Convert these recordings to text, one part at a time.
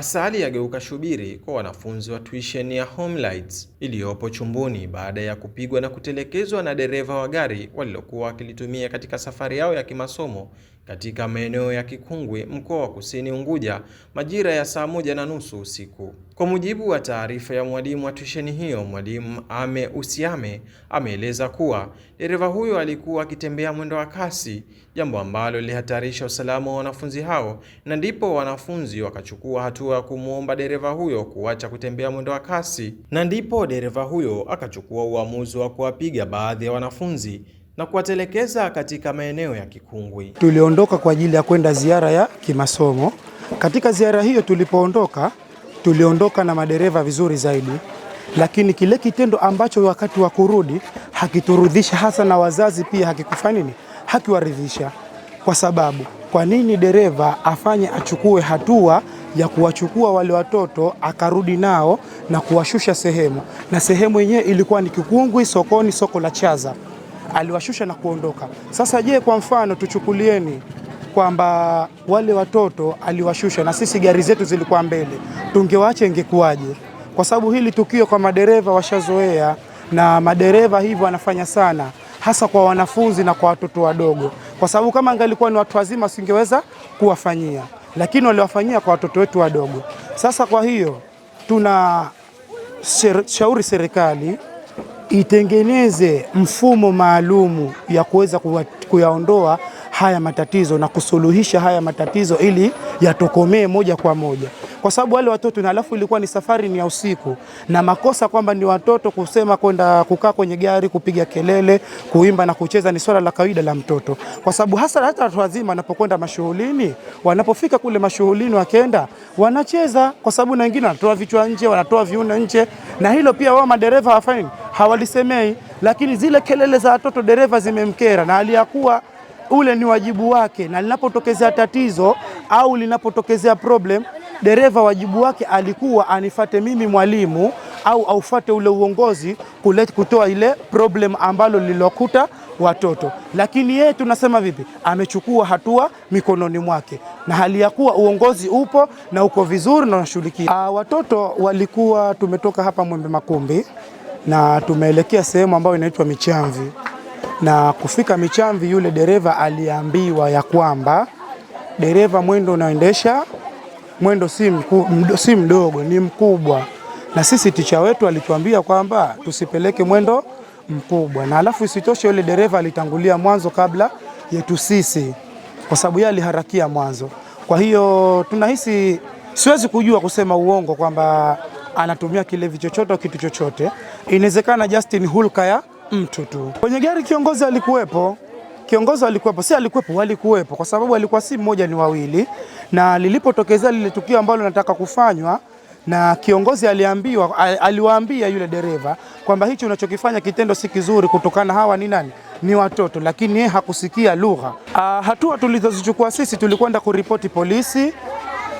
Asali yageuka shubiri kwa wanafunzi wa tuition ya Homelights iliyopo Chumbuni baada ya kupigwa na kutelekezwa na dereva wa gari walilokuwa wakilitumia katika safari yao ya kimasomo katika maeneo ya Kikungwi, mkoa wa Kusini Unguja, majira ya saa moja na nusu usiku. Kwa mujibu wa taarifa ya mwalimu wa tusheni hiyo, mwalimu Ame Usiame ameeleza kuwa dereva huyo alikuwa akitembea mwendo wa kasi, jambo ambalo lilihatarisha usalama wa wanafunzi hao, na ndipo wanafunzi wakachukua hatua ya kumwomba dereva huyo kuacha kutembea mwendo wa kasi, na ndipo dereva huyo akachukua uamuzi wa kuwapiga baadhi ya wanafunzi na kuwatelekeza katika maeneo ya kikungwi. Tuliondoka kwa ajili ya kwenda ziara ya kimasomo. Katika ziara hiyo tulipoondoka, tuliondoka na madereva vizuri zaidi, lakini kile kitendo ambacho wakati wa kurudi hakiturudhisha, hasa na wazazi pia hakikufanini nini, hakiwaridhisha. Kwa sababu kwa nini dereva afanye achukue hatua ya kuwachukua wale watoto akarudi nao na kuwashusha sehemu, na sehemu yenyewe ilikuwa ni kikungwi sokoni, soko la Chaza aliwashusha na kuondoka. Sasa je, kwa mfano tuchukulieni kwamba wale watoto aliwashusha na sisi gari zetu zilikuwa mbele, tungewaache ingekuwaje? Kwa sababu hili tukio kwa madereva washazoea, na madereva hivyo wanafanya sana, hasa kwa wanafunzi na kwa watoto wadogo, kwa sababu kama angalikuwa ni watu wazima singeweza kuwafanyia, lakini waliwafanyia kwa watoto wetu wadogo. Sasa kwa hiyo tuna shauri serikali itengeneze mfumo maalumu ya kuweza kuyaondoa haya matatizo na kusuluhisha haya matatizo ili yatokomee moja kwa moja kwa sababu wale watoto, na alafu ilikuwa ni safari ni ya usiku, na makosa kwamba ni watoto kusema kwenda kukaa kwenye gari kupiga kelele, kuimba na kucheza ni swala la kawaida la mtoto, kwa sababu hasa hata watu wazima wanapokwenda mashuhulini, wanapofika kule mashuhulini, wakenda wanacheza, kwa sababu na wengine wanatoa vichwa nje, wanatoa viuno nje, na hilo pia wao madereva hawafanyi, hawalisemei, lakini zile kelele za watoto dereva zimemkera na aliyakuwa ule ni wajibu wake, na linapotokezea tatizo au linapotokezea problem dereva wajibu wake alikuwa anifate mimi mwalimu au aufate ule uongozi kuleta kutoa ile problem ambalo lilokuta watoto, lakini yeye tunasema vipi, amechukua hatua mikononi mwake, na hali ya kuwa uongozi upo na uko vizuri na unashughulikia ah, watoto. Walikuwa tumetoka hapa Mwembe Makumbi na tumeelekea sehemu ambayo inaitwa Michamvi, na kufika Michamvi, yule dereva aliambiwa ya kwamba dereva, mwendo unaoendesha mwendo si, mku, mdo, si mdogo, ni mkubwa, na sisi ticha wetu alituambia kwamba tusipeleke mwendo mkubwa, na alafu isitoshe yule dereva alitangulia mwanzo kabla yetu sisi, kwa sababu yeye aliharakia mwanzo. Kwa hiyo tunahisi, siwezi kujua kusema uongo kwamba anatumia kilevi chochote au kitu chochote. Inawezekana Justin hulka ya mtu tu. Kwenye gari kiongozi alikuwepo kiongozi alikuwepo, si alikuwepo, walikuwepo kwa sababu alikuwa si mmoja, ni wawili. Na lilipotokezea lile tukio ambalo nataka kufanywa na kiongozi aliambiwa, aliwaambia yule dereva kwamba hicho unachokifanya kitendo si kizuri, kutokana hawa ni nani, ni watoto, lakini yeye hakusikia lugha. Ah, hatua tulizozichukua sisi tulikwenda kuripoti polisi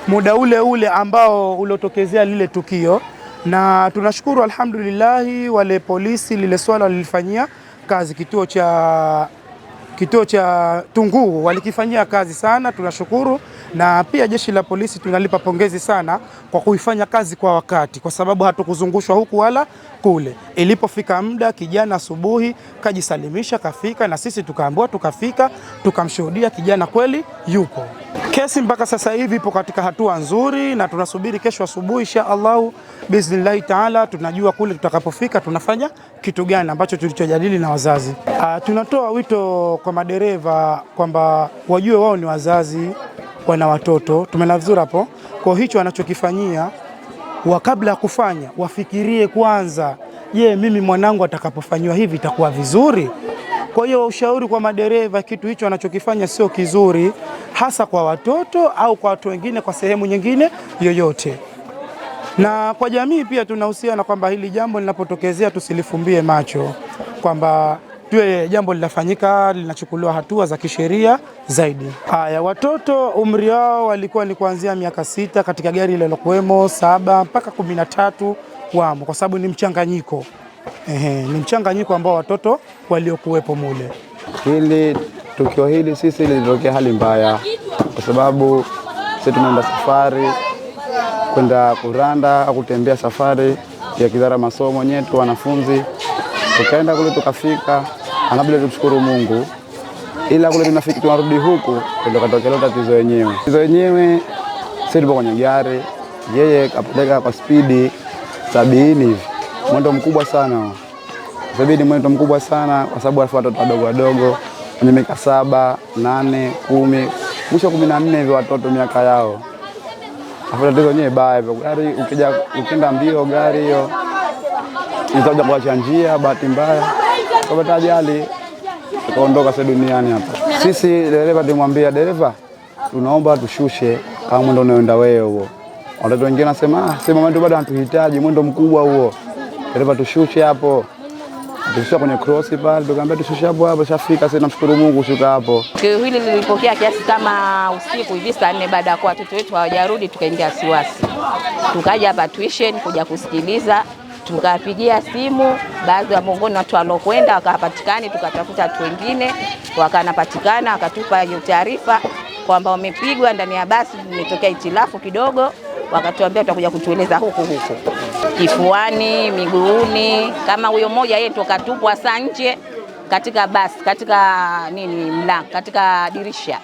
muda ule ule ambao uliotokezea lile tukio, na tunashukuru alhamdulillahi, wale polisi lile swala lilifanyia kazi kituo cha Kituo cha Tunguu walikifanyia kazi sana, tunashukuru. Na pia jeshi la polisi tunalipa pongezi sana kwa kuifanya kazi kwa wakati, kwa sababu hatukuzungushwa huku wala kule. Ilipofika muda, kijana asubuhi kajisalimisha, kafika na sisi tukaambiwa, tukafika, tukamshuhudia kijana kweli yupo. Kesi mpaka sasa hivi ipo katika hatua nzuri na tunasubiri kesho asubuhi insha Allahu bismillahi taala, tunajua kule tutakapofika tunafanya kitu gani ambacho tulichojadili na wazazi. Aa, ah, tunatoa wito kwa madereva kwamba wajue wao ni wazazi, wana watoto, tumenavzura hapo. Kwa hicho wanachokifanyia wa kabla ya kufanya wafikirie kwanza, je, mimi mwanangu atakapofanyiwa hivi itakuwa vizuri? Kwa hiyo ushauri kwa madereva, kitu hicho anachokifanya sio kizuri, hasa kwa watoto au kwa watu wengine, kwa sehemu nyingine yoyote. Na kwa jamii pia tunahusiana kwamba hili jambo linapotokezea tusilifumbie macho, kwamba tuwe jambo linafanyika, linachukuliwa hatua za kisheria zaidi. Haya, watoto umri wao walikuwa ni kuanzia miaka sita katika gari lilokuwemo saba mpaka kumi na tatu wamo, kwa sababu ni mchanganyiko. Ehe, ni mchanganyiko ambao watoto waliokuwepo mule. Hili tukio hili sisi lilitokea hali mbaya, kwa sababu sisi tunaenda safari kwenda kuranda au kutembea safari ya kidhara masomo nyetu wanafunzi, tukaenda kule tukafika, anabila tumshukuru Mungu, ila kule tunafika tunarudi huku ndio katokea tatizo yenyewe. Tatizo yenyewe sisi tupo kwenye gari, yeye kapeleka kwa spidi sabini hivi mwendo mkubwa sana sahivi, ni mwendo mkubwa sana kwa sababu wanafuata watoto wadogo wadogo wenye miaka saba, nane, kumi, mwisho kumi na nne hivyo watoto miaka yao afuatatizo wenyewe baya hivyo. Gari ukija ukenda mbio, gari hiyo itakuja kuacha njia, bahati mbaya kapata ajali tukaondoka sasa duniani hapa. Sisi dereva tumwambia dereva, tunaomba tushushe kama mwendo unaoenda wewe huo. Watoto wengine nasema ah, sema mwendo bado anatuhitaji mwendo mkubwa huo dereva, tushushe hapo. Tushusha kwenye cross pale, tukaambia tushushe hapo hapo, shafika sasa. Namshukuru Mungu, shuka hapo. Tukio hili lilipokea kiasi kama usiku hivi saa nne baada ya kuwa watoto wetu hawajarudi, tukaingia wasiwasi, tukaja hapa tuition kuja kusikiliza tukapigia simu baadhi ya miongoni watu walokwenda wakapatikani, tukatafuta watu wengine wakanapatikana, wakatupa hiyo taarifa kwamba wamepigwa ndani ya basi, imetokea itilafu kidogo, wakatuambia tutakuja kutueleza huku huku kifuani, miguuni. Kama huyo mmoja yeye toka tupwa saa nje katika basi katika nini mla katika dirisha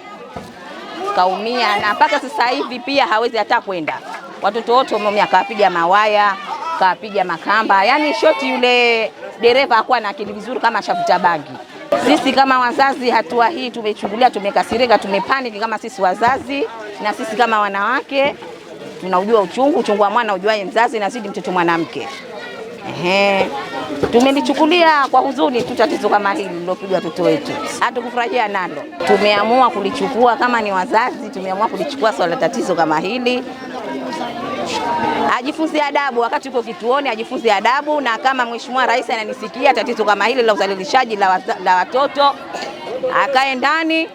kaumia, na mpaka sasa hivi pia hawezi hata kwenda. Watoto wote wameumia, kawapiga mawaya, kawapiga makamba, yaani shoti. Yule dereva akuwa na akili vizuri kama shavuta bangi. Sisi kama wazazi, hatua hii tumeichukulia, tumekasirika, tumepaniki kama sisi wazazi na sisi kama wanawake tunaujua uchungu, uchungu wa mwana ujuaye mzazi nazidi mtoto mwanamke. Ehe, tumelichukulia kwa huzuni tu tatizo kama hili lilopigwa watoto wetu, hatukufurahia nalo. Tumeamua kulichukua kama ni wazazi, tumeamua kulichukua swala tatizo kama hili, ajifunze adabu wakati uko kituoni, ajifunze adabu. Na kama mheshimiwa Rais ananisikia, tatizo kama hili la udhalilishaji la watoto, akae ndani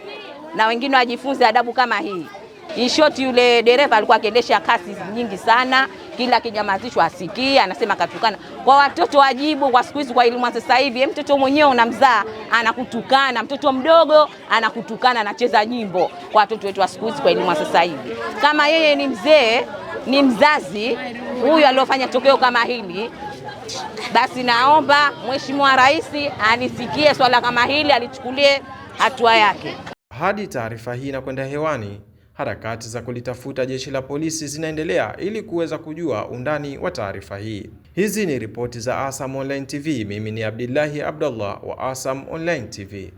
na wengine wajifunze adabu kama hii. In short, yule dereva alikuwa akiendesha kasi nyingi sana, kila kinyamazishwa asikii, anasema katukana. Kwa watoto wajibu, kwa siku hizi, kwa elimu sasa hivi, mtoto mwenyewe unamzaa anakutukana, mtoto mdogo anakutukana, anacheza nyimbo. Kwa watoto wetu wa siku hizi, kwa elimu sasa hivi, kama yeye ni mzee, ni mzazi huyu aliofanya tokeo kama hili basi naomba Mheshimiwa Rais alisikie swala kama hili, alichukulie hatua yake. Hadi taarifa hii inakwenda hewani Harakati za kulitafuta jeshi la polisi zinaendelea ili kuweza kujua undani wa taarifa hii. Hizi ni ripoti za Asam Online TV. Mimi ni Abdillahi Abdullah wa Asam Online TV.